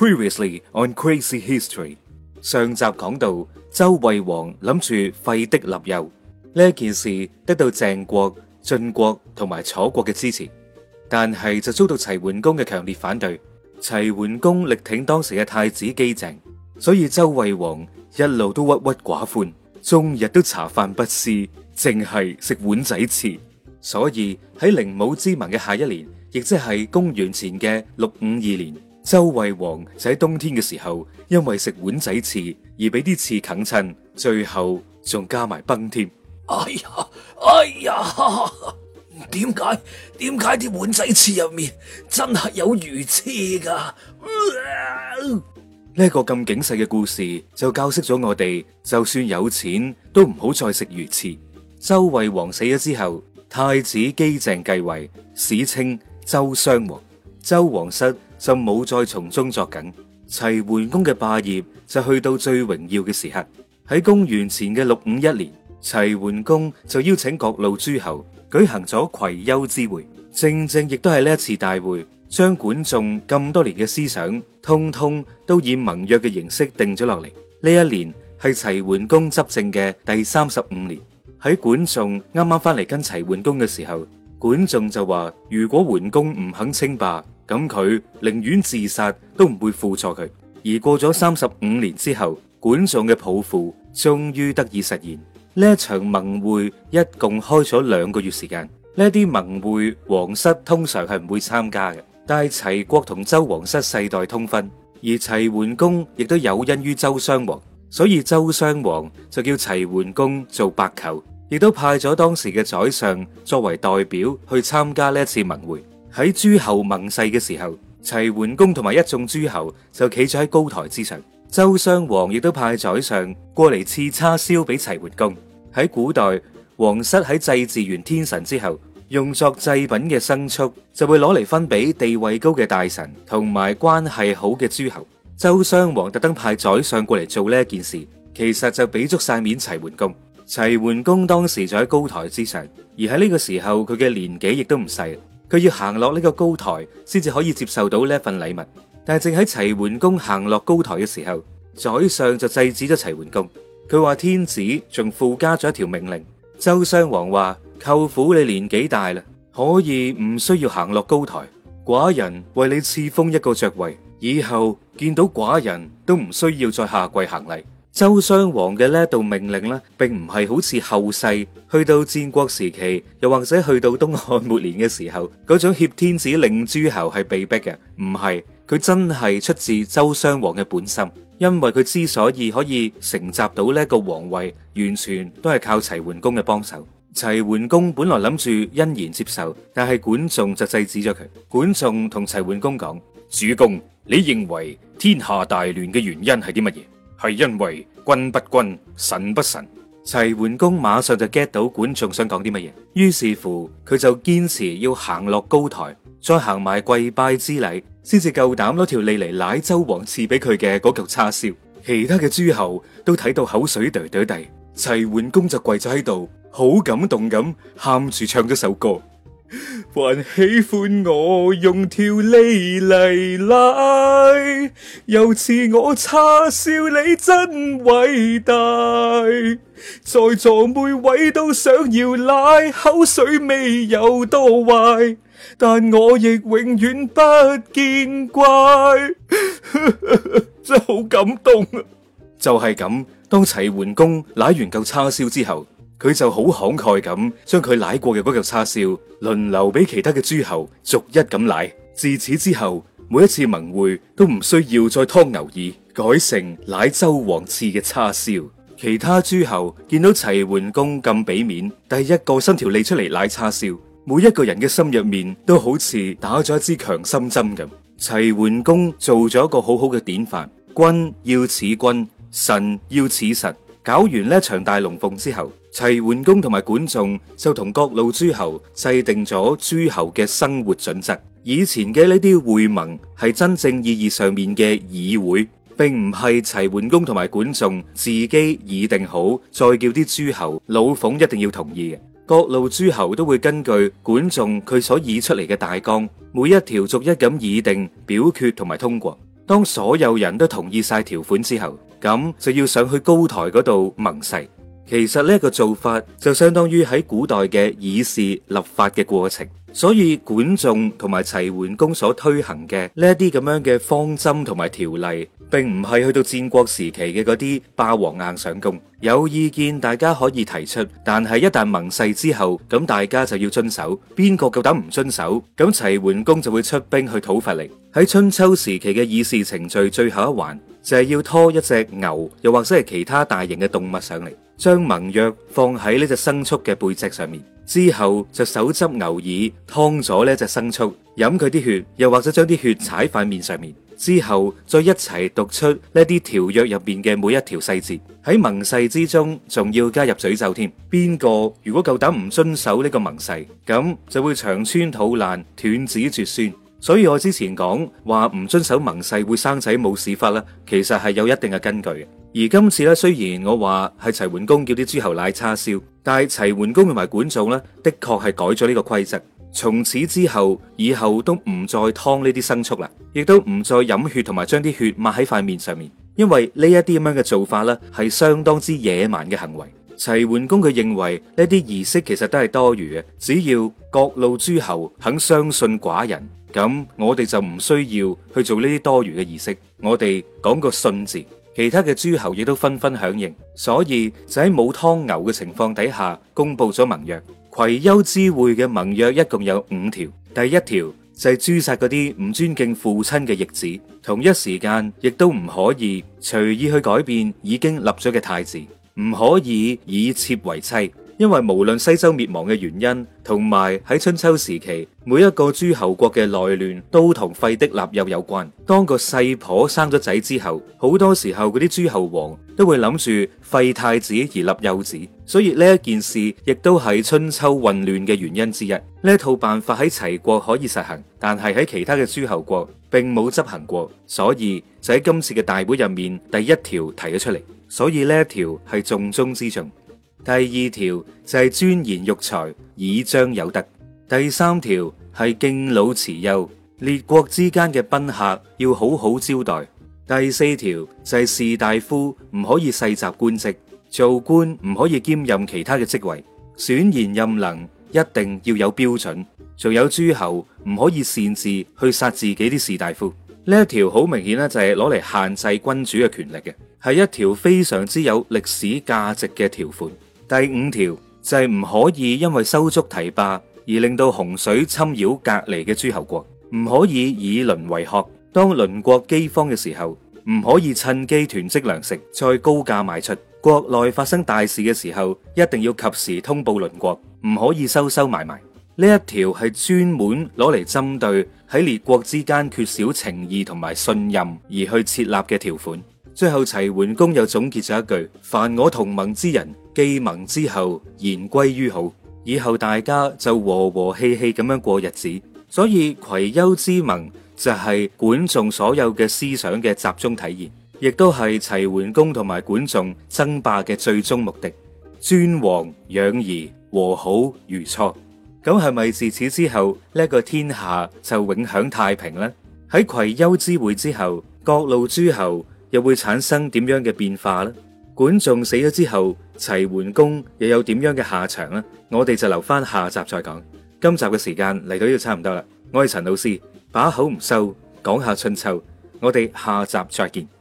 Previously on Crazy History，上集講到周惠王諗住廢嫡立幼呢一件事，得到鄭國、晉國同埋楚國嘅支持，但係就遭到齊桓公嘅強烈反對。齊桓公力挺當時嘅太子姬正，所以周惠王一路都鬱鬱寡歡，終日都茶飯不思，淨係食碗仔翅。所以喺寧母之盟嘅下一年，亦即係公元前嘅六五二年。周惠王就喺冬天嘅時候，因為食碗仔翅而俾啲刺啃親，最後仲加埋崩添。哎呀，哎呀，點解點解啲碗仔翅入面真係有魚翅噶、啊？呢、嗯、個咁警世嘅故事就教識咗我哋，就算有錢都唔好再食魚翅。周惠王死咗之後，太子姬鄭繼位，史稱周襄王。周王室，就冇再從中作梗，齊桓公嘅霸業就去到最榮耀嘅時刻。喺公元前嘅六五一年，齊桓公就邀請各路諸侯舉行咗葵丘之會。正正亦都係呢一次大會，將管仲咁多年嘅思想，通通都以盟約嘅形式定咗落嚟。呢一年係齊桓公執政嘅第三十五年。喺管仲啱啱翻嚟跟齊桓公嘅時候，管仲就話：如果桓公唔肯稱霸。咁佢寧願自殺都唔會輔助佢。而過咗三十五年之後，管仲嘅抱負終於得以實現。呢一場盟會一共開咗兩個月時間。呢啲盟會，王室通常係唔會參加嘅。但係齊國同周王室世代通婚，而齊桓公亦都有因於周襄王，所以周襄王就叫齊桓公做白球，亦都派咗當時嘅宰相作為代表去參加呢次盟會。喺諸侯盟誓嘅時候，齊桓公同埋一眾諸侯就企咗喺高台之上。周襄王亦都派宰相過嚟賜叉燒俾齊桓公。喺古代，皇室喺祭祀完天神之後，用作祭品嘅牲畜就會攞嚟分俾地位高嘅大臣同埋關係好嘅諸侯。周襄王特登派宰相過嚟做呢一件事，其實就俾足晒面齊桓公。齊桓公當時就喺高台之上，而喺呢個時候佢嘅年紀亦都唔細。佢要行落呢個高台，先至可以接受到呢份禮物。但係正喺齊桓公行落高台嘅時候，宰相就制止咗齊桓公。佢話天子仲附加咗一條命令：周襄王話，舅父你年紀大啦，可以唔需要行落高台。寡人為你賜封一個爵位，以後見到寡人都唔需要再下跪行禮。周襄王嘅呢一道命令咧，并唔係好似後世去到戰國時期，又或者去到東漢末年嘅時候，嗰種挾天子令諸侯係被逼嘅，唔係佢真係出自周襄王嘅本心，因為佢之所以可以承襲到呢一個皇位，完全都係靠齊桓公嘅幫手。齊桓公本來諗住欣然接受，但係管仲就制止咗佢。管仲同齊桓公講：主公，你認為天下大亂嘅原因係啲乜嘢？係因為君不君，臣不臣。齊桓公馬上就 get 到管仲想講啲乜嘢，於是乎佢就堅持要行落高台，再行埋跪拜之禮，先至夠膽攞條脷嚟舐周王賜俾佢嘅嗰嚿叉燒。其他嘅諸侯都睇到口水嗲嗲地，齊桓公就跪咗喺度，好感動咁，喊住唱咗首歌。還喜歡我用條脷嚟拉，又似我叉燒，你真偉大！在座每位都想要奶，口水未有多壞，但我亦永遠不見怪。 真好感動啊！就係咁，當齊桓公奶完嚿叉燒之後。佢就好慷慨咁，將佢奶過嘅嗰嚿叉燒輪流俾其他嘅諸侯逐一咁奶。自此之後，每一次盟會都唔需要再劏牛耳，改成奶周王賜嘅叉燒。其他諸侯見到齊桓公咁俾面，第一個伸條脷出嚟奶叉燒，每一個人嘅心入面都好似打咗一支強心針咁。齊桓公做咗一個好好嘅典範，君要似君，臣要似臣。搞完呢場大龍鳳之後，齊桓公同埋管仲就同各路諸侯制定咗諸侯嘅生活準則。以前嘅呢啲會盟係真正意義上面嘅議會，並唔係齊桓公同埋管仲自己擬定好，再叫啲諸侯老鳳一定要同意嘅。各路諸侯都會根據管仲佢所議出嚟嘅大綱，每一條逐一咁擬定、表決同埋通過。當所有人都同意晒條款之後，咁就要上去高台度盟誓。其實呢一個做法就相當於喺古代嘅議事立法嘅過程。所以管仲同埋齊桓公所推行嘅呢一啲咁樣嘅方針同埋條例，並唔係去到戰國時期嘅嗰啲霸王硬上弓。有意見大家可以提出，但係一旦盟誓之後，咁大家就要遵守。邊個夠膽唔遵守，咁齊桓公就會出兵去討伐你。喺春秋時期嘅議事程序最後一環，就係要拖一隻牛，又或者係其他大型嘅動物上嚟，將盟約放喺呢隻牲畜嘅背脊上面。之後就手執牛耳，湯咗呢一隻牲畜，飲佢啲血，又或者將啲血踩塊面上面。之後再一齊讀出呢啲條約入邊嘅每一條細節。喺盟誓之中，仲要加入詛咒添。邊個如果夠膽唔遵守呢個盟誓，咁就會長穿肚爛，斷子絕孫。所以我之前講話唔遵守盟誓會生仔冇屎忽啦，其實係有一定嘅根據嘅。而今次咧，雖然我話係齊桓公叫啲諸侯奶叉燒，但係齊桓公同埋管仲呢，的確係改咗呢個規則，從此之後以後都唔再湯呢啲牲畜啦，亦都唔再飲血同埋將啲血抹喺塊面上面，因為呢一啲咁樣嘅做法呢，係相當之野蠻嘅行為。齊桓公佢認為呢啲儀式其實都係多餘嘅，只要各路諸侯肯相信寡人，咁我哋就唔需要去做呢啲多餘嘅儀式，我哋講個信字。其他嘅諸侯亦都紛紛響應，所以就喺冇湯牛嘅情況底下公布咗盟約。葵丘之會嘅盟約一共有五條，第一條就係誅殺嗰啲唔尊敬父親嘅逆子，同一時間亦都唔可以隨意去改變已經立咗嘅太子，唔可以以妾為妻。因為無論西周滅亡嘅原因，同埋喺春秋時期每一個諸侯國嘅內亂都同廢嫡立幼有關。當個細婆生咗仔之後，好多時候嗰啲諸侯王都會諗住廢太子而立幼子，所以呢一件事亦都係春秋混亂嘅原因之一。呢一套辦法喺齊國可以實行，但係喺其他嘅諸侯國並冇執行過，所以就喺今次嘅大會入面第一條提咗出嚟，所以呢一條係重中之重。第二條就係尊賢育才以彰有德，第三條係敬老慈幼，列國之間嘅賓客要好好招待。第四條就係士大夫唔可以世襲官職，做官唔可以兼任其他嘅職位，選賢任能一定要有標準。仲有諸侯唔可以擅自去殺自己啲士大夫，呢一條好明顯咧就係攞嚟限制君主嘅權力嘅，係一條非常之有歷史價值嘅條款。第五條就係唔可以因為修築堤壩而令到洪水侵擾隔籬嘅諸侯國，唔可以以鄰為壑。當鄰國饑荒嘅時候，唔可以趁機囤積糧食再高價賣出。國內發生大事嘅時候，一定要及時通報鄰國，唔可以收收埋埋。呢一條係專門攞嚟針對喺列國之間缺少情義同埋信任而去設立嘅條款。最後齊桓公又總結咗一句：凡我同盟之人。既盟之後言歸于好，以後大家就和和氣氣咁樣過日子。所以葵丘之盟就係管仲所有嘅思想嘅集中體現，亦都係齊桓公同埋管仲爭霸嘅最終目的。尊王攘夷和好如初，咁係咪自此之後呢個天下就永享太平呢？喺葵丘之會之後，各路諸侯又會產生點樣嘅變化呢？管仲死咗之後，齊桓公又有點樣嘅下場呢？我哋就留翻下集再講。今集嘅時間嚟到呢度差唔多啦。我係陳老師，把口唔收，講下春秋。我哋下集再見。